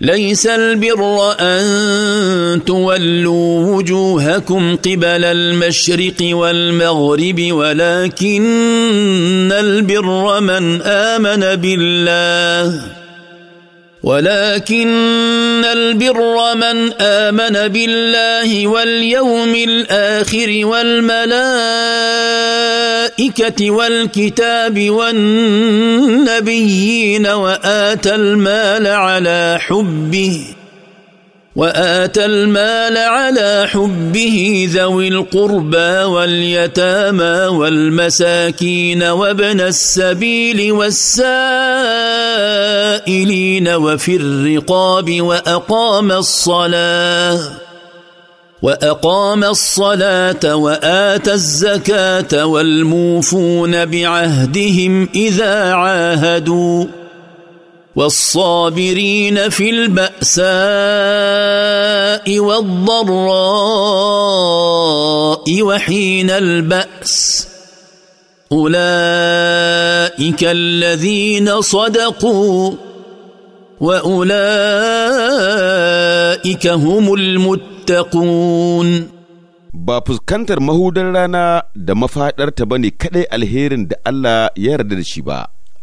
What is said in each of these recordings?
ليس البر ان تولوا وجوهكم قبل المشرق والمغرب ولكن البر من امن بالله ولكن البر من امن بالله واليوم الاخر والملائكه والكتاب والنبيين واتى المال على حبه واتى المال على حبه ذوي القربى واليتامى والمساكين وابن السبيل والسائلين وفي الرقاب واقام الصلاه واقام الصلاه واتى الزكاه والموفون بعهدهم اذا عاهدوا والصابرين في البأساء والضراء وحين البأس أولئك الذين صدقوا وأولئك هم المتقون بابوز كانتر مهو درانا دمفاتر تبني رتباني كده الهيرن دا يرد يرددشي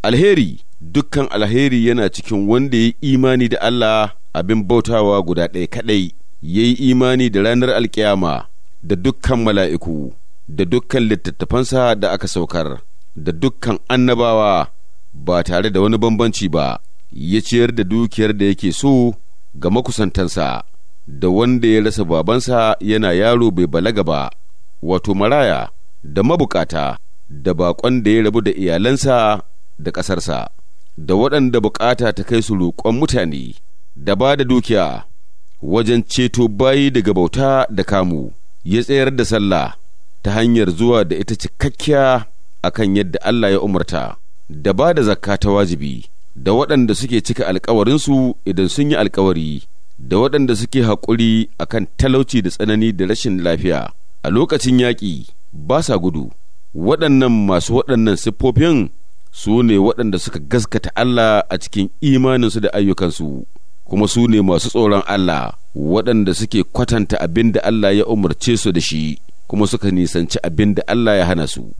الهيري dukkan alheri yana cikin wanda ya imani da Allah abin bautawa guda ɗaya kaɗai, ya yi imani da ranar alkiyama da dukkan mala'iku, da dukkan littattafansa da aka saukar, da dukkan annabawa ba tare da wani bambanci ba, ya ciyar da dukiyar da yake so ga makusantansa, da wanda ya rasa babansa yana yaro bai balaga ba, wato maraya, da mabukata, da baƙon da ya rabu da iyalansa da ƙasarsa. da waɗanda bukata ta kai su roƙon mutane da ba da dukiya wajen ceto bayi daga bauta da kamu ya tsayar da sallah ta hanyar zuwa da ita cikakkiya akan yadda Allah ya umarta da ba da zakka ta wajibi da waɗanda suke cika alkawarinsu idan sun yi alkawari da waɗanda suke haƙuri a kan talauci da tsanani da rashin lafiya a lokacin yaƙi ba sa gudu waɗannan masu waɗannan siffofin su ne waɗanda suka gaskata Allah a cikin imaninsu da ayyukansu kuma su ne masu tsoron Allah waɗanda suke kwatanta abin da Allah ya umarce su da shi kuma suka nisanci abin da Allah ya hana su